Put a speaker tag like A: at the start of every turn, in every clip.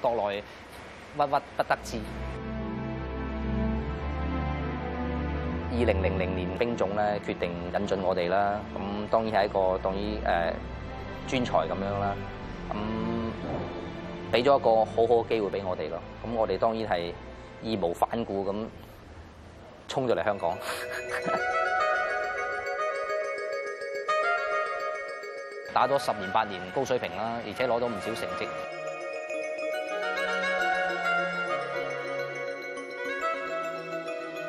A: 國內鬱鬱不得志。二零零零年乒總咧決定引進我哋啦，咁當然係一個當於誒、呃、專才咁樣啦，咁俾咗一個好好嘅機會俾我哋咯，咁我哋當然係義無反顧咁衝咗嚟香港， 打咗十年八年高水平啦，而且攞到唔少成績。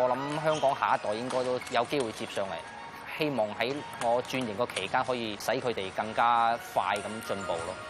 A: 我諗香港下一代應該都有機會接上嚟，希望喺我轉型個期間可以使佢哋更加快咁進步囉。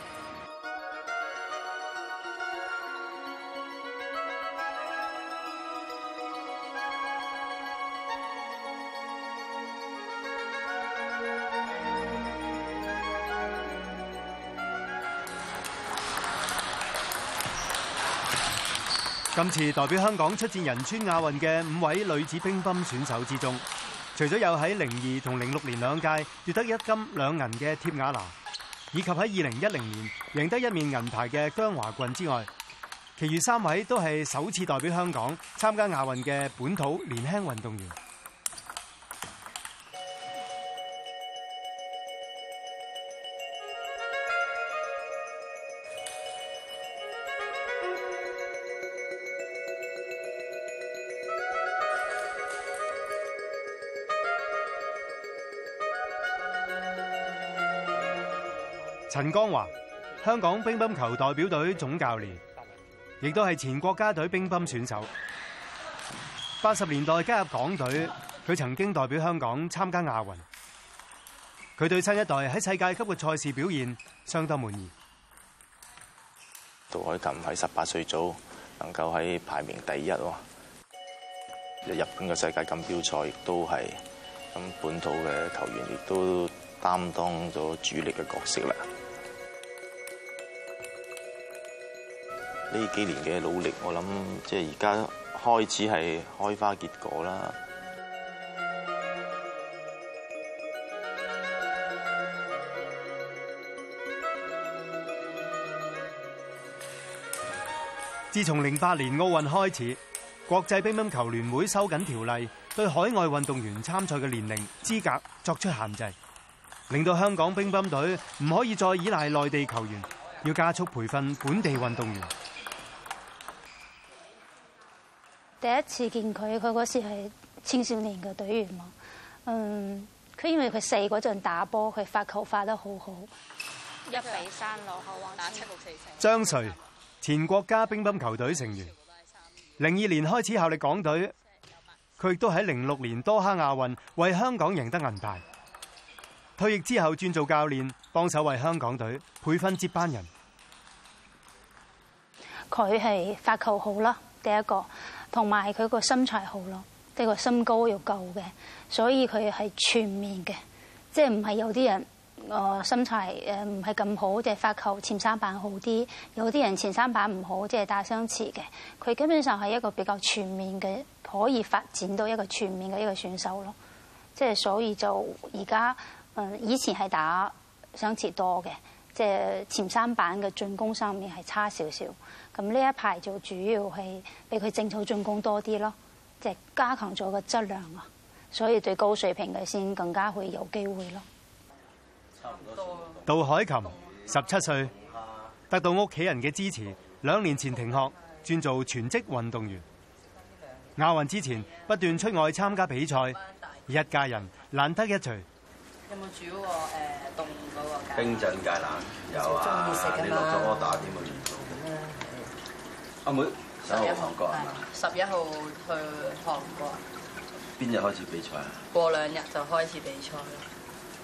B: 今次代表香港出戰仁川亞運嘅五位女子乒乓選手之中，除咗有喺零二同零六年兩屆奪得一金兩銀嘅帖雅娜，以及喺二零一零年贏得一面銀牌嘅姜華珺之外，其餘三位都係首次代表香港參加亞運嘅本土年輕運動員。陳江華，香港乒乓球代表隊總教練，亦都係前國家隊乒乓選手。八十年代加入港隊，佢曾經代表香港參加亞運。佢對新一代喺世界級嘅賽事表現相當滿意。
C: 杜凱琹喺十八歲組能夠喺排名第一，日本嘅世界錦標賽亦都係咁，本土嘅球員亦都擔當咗主力嘅角色啦。呢幾年嘅努力，我諗即係而家開始係開花結果啦。
B: 自從零八年奧運開始，國際乒乓球聯會收緊條例，對海外運動員參賽嘅年齡、資格作出限制，令到香港乒乓隊唔可以再依賴內地球員，要加速培訓本地運動員。
D: 第一次見佢，佢嗰時係青少年嘅隊員嘛。嗯，佢因為佢細嗰陣打波，佢發球發得好好。一比三落後，攞王打，七六四四。
B: 張瑞，前國家乒乓球隊成員，零二年開始效力港隊，佢亦都喺零六年多哈亞運為香港贏得銀牌。退役之後轉做教練，幫手為香港隊培訓接班人。
D: 佢係發球好啦，第一個。同埋佢個身材好咯，即個身高又夠嘅，所以佢係全面嘅，即係唔係有啲人，誒身材誒唔係咁好，即係發球前三板好啲；有啲人前三板唔好，即係打相持嘅。佢基本上係一個比較全面嘅，可以發展到一個全面嘅一個選手咯。即係所以就而家誒以前係打相持多嘅。即係前三板嘅進攻上面係差少少，咁呢一排就主要係俾佢正手進攻多啲咯，即係加強咗個質量啊，所以對高水平嘅先更加會有機會咯。
B: 杜凱琹十七歲，得到屋企人嘅支持，兩年前停學，轉做全職運動員。亞運之前不斷出外參加比賽，一家人難得一聚。有冇煮嗰個，誒，凍嗰個冰鎮芥
A: 蘭？有啊，鍾意食嘅。你落咗 order 點會唔做嘅？阿妹十一韓國啊！
E: 十一號去韓國，
A: 邊日開始比賽啊？
E: 過兩
B: 日就開始比賽咯。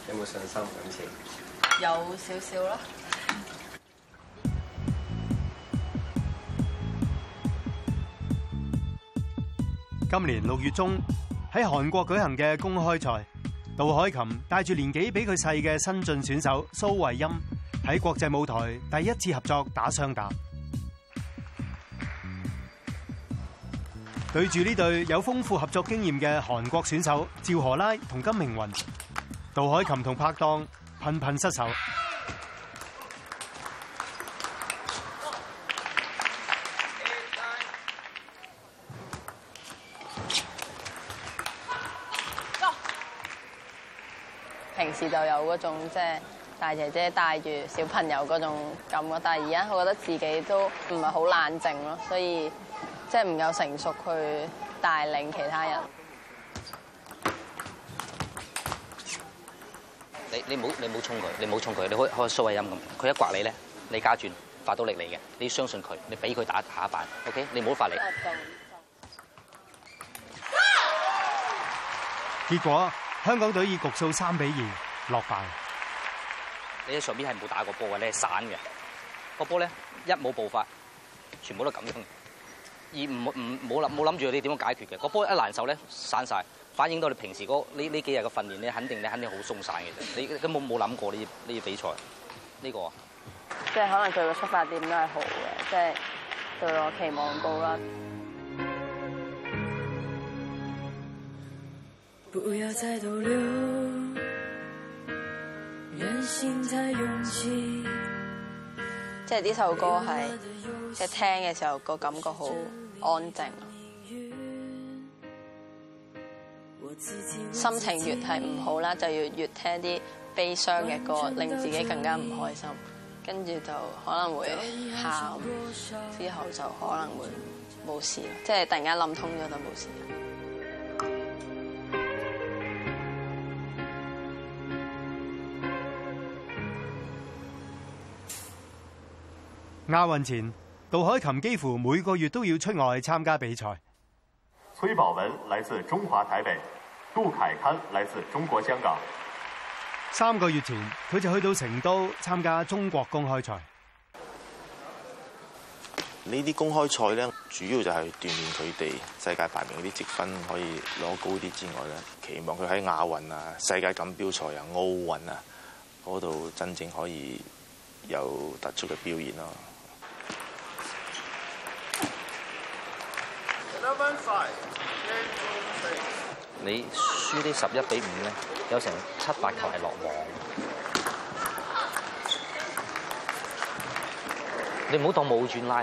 B: 有冇信心？
E: 有少少咯。
B: 今年六月中喺韓國舉行嘅公開賽。杜凱琹帶住年紀比佢細嘅新進選手蘇慧音喺國際舞台第一次合作打雙打，對住呢對有豐富合作經驗嘅韓國選手趙河拉同金明雲，杜凱琹同拍檔頻頻失手。
E: 平時就有嗰種即係、就是、大姐姐帶住小朋友嗰種感覺，但係而家我覺得自己都唔係好冷靜咯，所以即係唔夠成熟去帶領其他人。
A: 你你唔好你唔好衝佢，你唔好衝佢，你可以可以開蘇慧音咁。佢一,一刮你咧，你加轉發到力嚟嘅，你要相信佢，你俾佢打下一板，OK？你唔好發力。
B: 結果。香港隊以局數三比二落敗。
A: 你喺上邊係冇打過波嘅，你係散嘅。個波咧一冇步伐，全部都咁樣，而唔唔冇諗冇諗住你點樣解決嘅。個波一難受咧散晒，反映到你平時嗰呢呢幾日嘅訓練，你肯定你肯定好鬆散嘅。你根本冇諗過呢呢啲比賽呢個。
E: 即係可能佢嘅出發點都係好嘅，即係對我期望高啦。嗯即係呢首歌係，即係聽嘅時候個感覺好安靜，心情越係唔好啦，就要越聽啲悲傷嘅歌，令自己更加唔開心，跟住就可能會喊，之後就可能會冇事，即係突然間諗通咗就冇事。
B: 亞運前，杜凱琹幾乎每個月都要出外參加比賽。崔寶文來自中華台北，杜凱琹來自中國香港。三個月前，佢就去到成都參加中國公開賽。
C: 呢啲公開賽咧，主要就係鍛煉佢哋世界排名嗰啲積分可以攞高啲之外咧，期望佢喺亞運啊、世界錦標賽啊、奧運啊嗰度真正可以有突出嘅表演咯。
A: 你輸啲十一比五咧，有成七八球係落網你。你唔好當冇轉拉，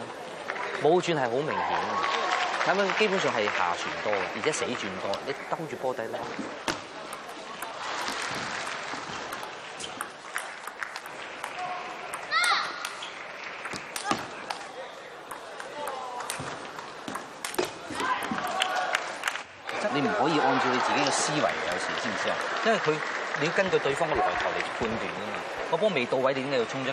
A: 冇轉係好明顯嘅，咁樣基本上係下旋多，而且死轉多，你兜住波底拉。你唔可以按照你自己嘅思維，有時知唔知啊？因為佢你要根據對方嘅來頭嚟判斷㗎嘛，個波未到位，點解要衝擊？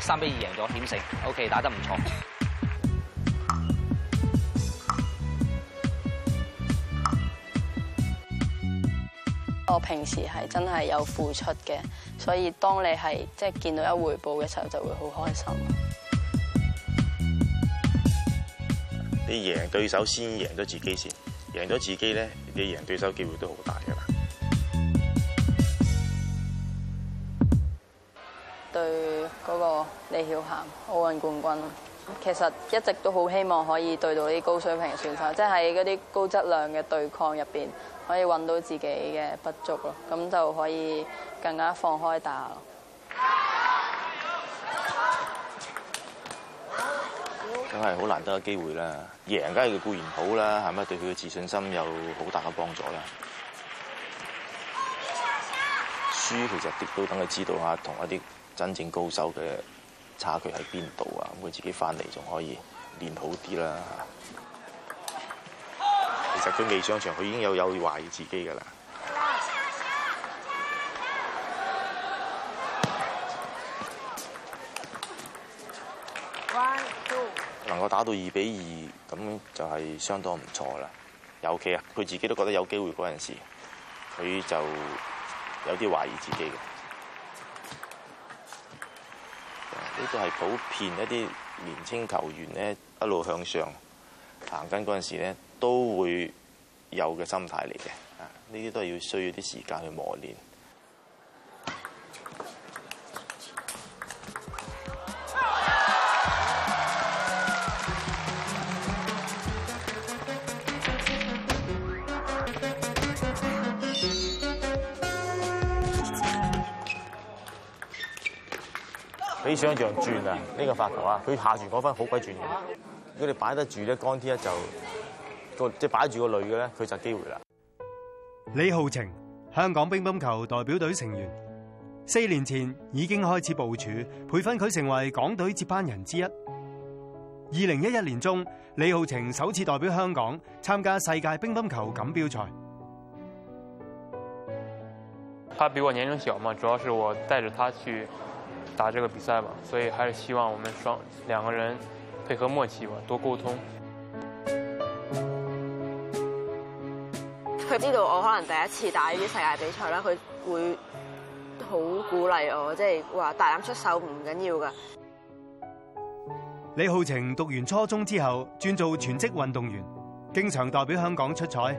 A: 三比二贏咗險勝，OK，打得唔錯。
E: 我平時係真係有付出嘅，所以當你係即係見到一回報嘅時候，就會好開心。
C: 你贏對手先贏咗自己先，贏咗自己咧，你贏對手機會都好大㗎喇。
E: 對嗰個李曉霞奧運冠軍，其實一直都好希望可以對到啲高水平嘅選手，即係嗰啲高質量嘅對抗入邊，可以揾到自己嘅不足咯，咁就可以更加放開打。
C: 梗係好難得嘅機會啦，贏梗係佢固然好啦，係咪對佢嘅自信心有好大嘅幫助啦？輸其實亦都等佢知道下同一啲，真正高手嘅差距喺邊度啊？咁佢自己翻嚟仲可以練好啲啦。吓，其實佢未上場，佢已經有有懷疑自己噶啦。能夠打到二比二，咁就係相當唔錯啦。尤其啊，佢自己都覺得有機會嗰陣時，佢就有啲懷疑自己嘅。呢度係普遍一啲年輕球員咧，一路向上行緊嗰陣時咧，都會有嘅心態嚟嘅。啊，呢啲都係要需要啲時間去磨練。比想象轉、這個、啊！呢個發球啊，佢下旋嗰分好鬼轉嘅。如果你擺得住咧，江啲咧就個即係擺住個女嘅咧，佢就機會啦。
B: 李皓晴，香港乒乓球代表隊成員，四年前已經開始部署培訓佢成為港隊接班人之一。二零一一年中，李皓晴首次代表香港參加世界乒乓球錦標賽。他比我年齡小嘛，主要是我帶着他去。打這個比賽嘛，所以還是希望我們雙兩個人配合默契吧，多溝通。
F: 佢知道我可能第一次打呢啲世界比賽啦，佢會好鼓勵我，即係話大膽出手唔緊要噶。
B: 李皓晴讀完初中之後，轉做全職運動員，經常代表香港出賽。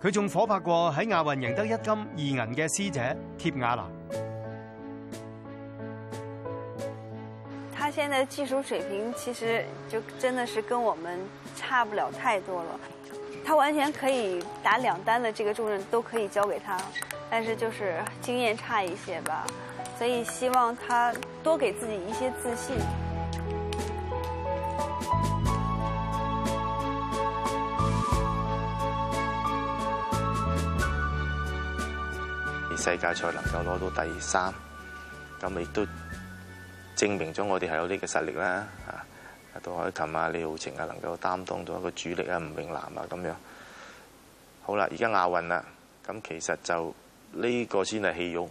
B: 佢仲夥拍過喺亞運贏得一金二銀嘅師姐帖雅娜。
F: 現在技術水平其實就真的是跟我們差不了太多了，他完全可以打兩單的這個重任都可以交給他，但是就是經驗差一些吧，所以希望他多給自己一些自信。
C: 而世界賽能夠攞到第三，咁亦都。證明咗我哋係有呢個實力啦！啊，杜凱琹啊、李皓晴啊能夠擔當到一個主力啊、吳穎嵐啊咁樣。好啦，而家亞運啦，咁其實就呢個先係戲肉。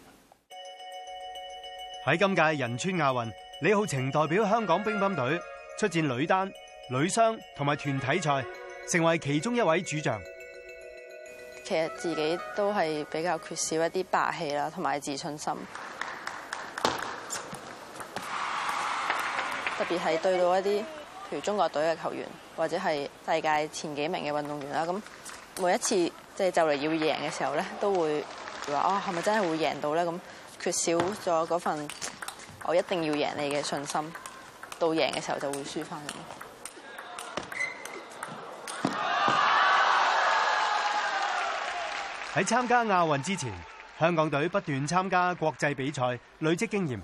B: 喺今屆仁川亞運，李皓晴代表香港乒乓隊出戰女單、女雙同埋團體賽，成為其中一位主將。
F: 其實自己都係比較缺少一啲霸氣啦，同埋自信心。特別係對到一啲，譬如中國隊嘅球員，或者係世界前幾名嘅運動員啦。咁每一次即係就嚟、是、要贏嘅時候咧，都會話哦，係咪真係會贏到咧？咁缺少咗嗰份我一定要贏你嘅信心，到贏嘅時候就會輸翻。
B: 喺參加亞運之前，香港隊不斷參加國際比賽，累積經驗。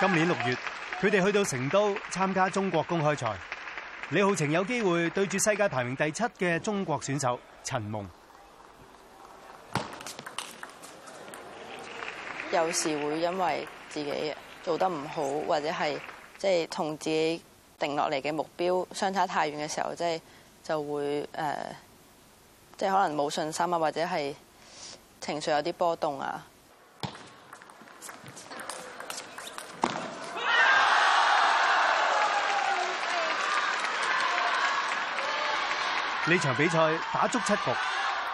B: 今年六月，佢哋去到成都參加中國公開賽，李皓晴有機會對住世界排名第七嘅中國選手陳夢。
F: 有時會因為自己做得唔好，或者係即係同自己定落嚟嘅目標相差太遠嘅時候，即係就會誒，即係可能冇信心啊，或者係情緒有啲波動啊。
B: 呢場比賽打足七局，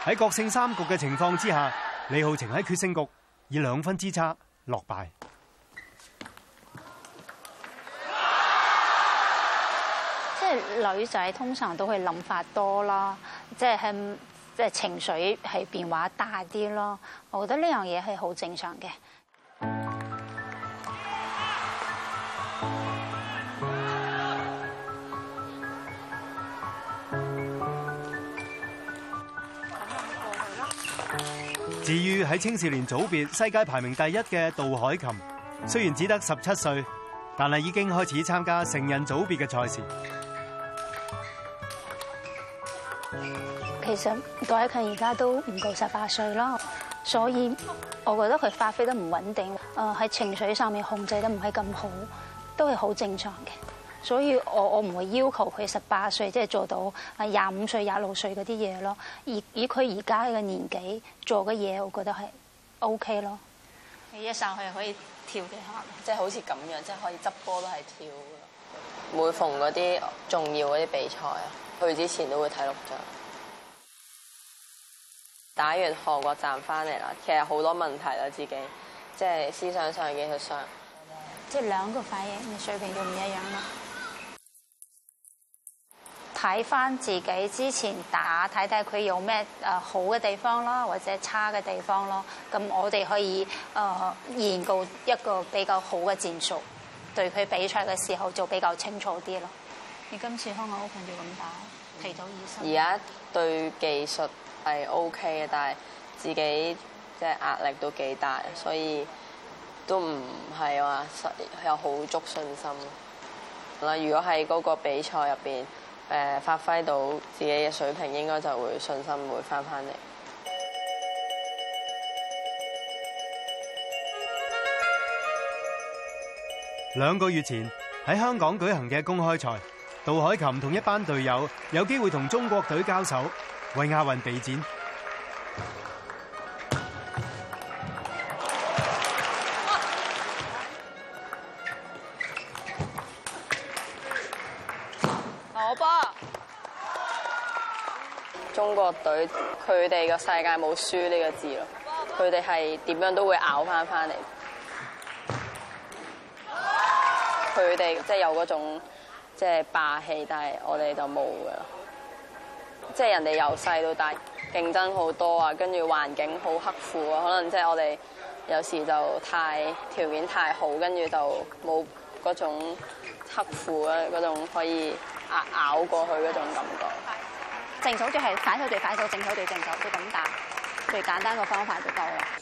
B: 喺國勝三局嘅情況之下，李皓晴喺決勝局以兩分之差落敗。
D: 即係女仔通常都會諗法多啦，即係即係情緒係變化大啲咯。我覺得呢樣嘢係好正常嘅。
B: 至於喺青少年組別，世界排名第一嘅杜凱琹，雖然只得十七歲，但係已經開始參加成人組別嘅賽事。
D: 其實杜凱琹而家都唔夠十八歲啦，所以我覺得佢發揮得唔穩定，誒喺情緒上面控制得唔係咁好，都係好正常嘅。所以我我唔會要求佢十八歲即係、就是、做到啊廿五歲廿六歲嗰啲嘢咯。而以佢而家嘅年紀做嘅嘢，我覺得係 OK 咯。你
E: 一上去可以跳幾下？即、就、係、是、好似咁樣，即、就、係、是、可以執波都係跳。每逢嗰啲重要嗰啲比賽啊，去之前都會睇錄像。打完韓國站翻嚟啦，其實好多問題啦，自己即係思想上的想、技術上，即、
D: 就、係、是、兩個反應嘅水平都唔一樣啦。睇翻自己之前打，睇睇佢有咩誒好嘅地方啦，或者差嘅地方咯。咁我哋可以誒、呃、研究一個比較好嘅戰術，對佢比賽嘅時候就比較清楚啲咯。你今次香港 Open 要咁
E: 打，提早熱身。而家對技術係 O K 嘅，但係自己即係壓力都幾大，所以都唔係話實有好足信心。嗱，如果喺嗰個比賽入邊，誒發揮到自己嘅水平，應該就會信心會返返嚟。
B: 兩個月前，喺香港舉行嘅公開賽，杜凱琹同一班隊友有機會同中國隊交手，為亞運備戰。
E: 個隊佢哋個世界冇輸呢個字咯，佢哋係點樣都會咬翻翻嚟。佢哋即係有嗰種即係霸氣，但係我哋就冇嘅。即係人哋由細到大競爭好多啊，跟住環境好刻苦啊，可能即係我哋有時就太條件太好，跟住就冇嗰種刻苦啊，嗰種可以咬咬過去嗰種感覺。
D: 正手就係反手對反，反手正手對正手，就咁打，最簡單嘅方法就夠啦。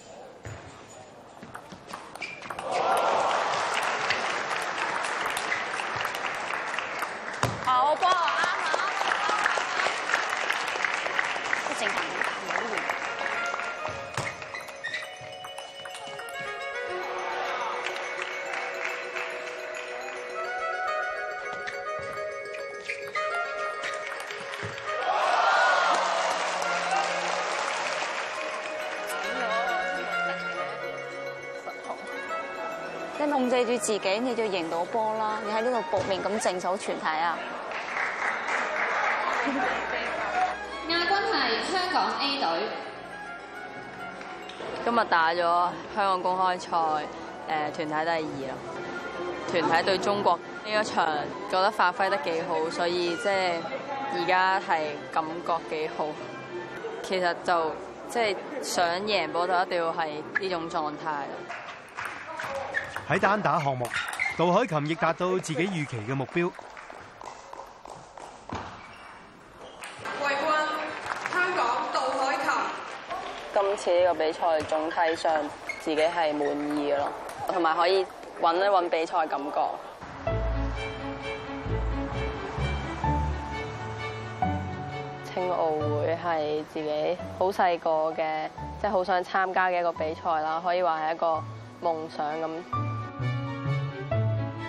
D: 控制住自己，你就贏到波啦！你喺呢度搏命咁正手全體啊！亞軍係香
E: 港 A 隊，今日打咗香港公開賽，誒團體都第二啦。團體對中國呢一場，覺得發揮得幾好，所以即係而家係感覺幾好。其實就即係想贏波，就一定要係呢種狀態。
B: 喺單打項目，杜凱琹亦達到自己預期嘅目標。
E: 冠軍，香
F: 港杜凱琹。
E: 今次呢個比賽總體上自己係滿意嘅咯，同埋可以揾一揾比賽感覺。青奧會係自己好細個嘅，即係好想參加嘅一個比賽啦，可以話係一個夢想咁。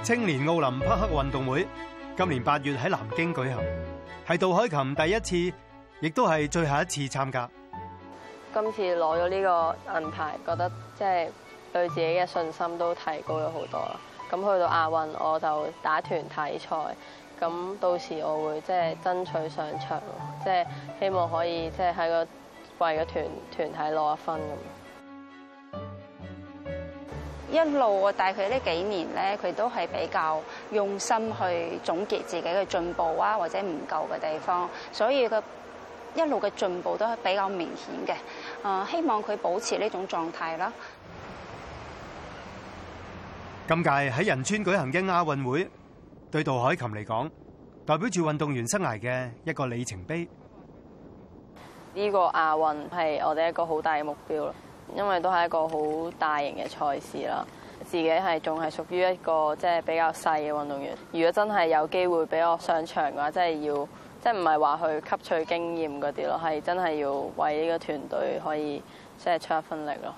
B: 青年奧林匹克運動會今年八月喺南京舉行，係杜凱琹第一次，亦都係最後一次參加。
E: 今次攞咗呢個銀牌，覺得即係對自己嘅信心都提高咗好多啦。咁去到亞運，我就打團體賽，咁到時我會即係爭取上場，即係希望可以即係
D: 喺個為個團團體攞一分咁。一路我帶佢呢幾年咧，佢都係比較用心去總結自己嘅進步啊，或者唔夠嘅地方，所以佢一路嘅進步都係比較明顯嘅。啊，希望佢保持呢種狀態啦。
B: 今屆喺仁川舉行嘅亞運會，對杜凱琹嚟講，代表住運動員生涯嘅一個里程碑。
E: 呢、這個亞運係我哋一個好大嘅目標咯。因為都係一個好大型嘅賽事啦，自己係仲係屬於一個即係比較細嘅運動員。如果真係有機會俾我上場嘅話，真係要即係唔係話去吸取經驗嗰啲咯，係真係要為呢個團隊可以即係出一分力咯。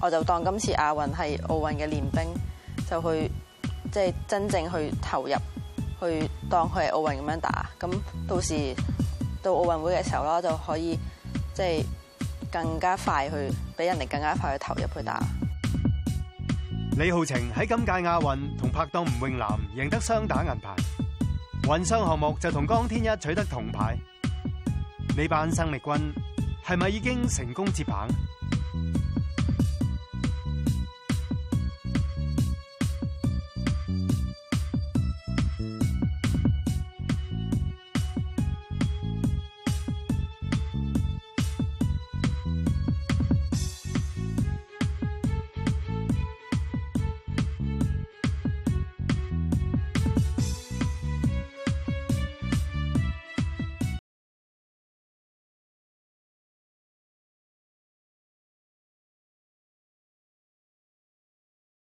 E: 我就當今次亞運係奧運嘅
F: 練兵，就去即係真正去投入，去當佢係奧運咁樣打。咁到時。到奧運會嘅時候啦，就可以即係、就是、更加快去，俾人哋更加快去投入去打。
B: 李皓晴喺今屆亞運同拍檔吳泳藍贏得雙打銀牌，混雙項目就同江天一取得銅牌。呢班生力軍係咪已經成功接棒？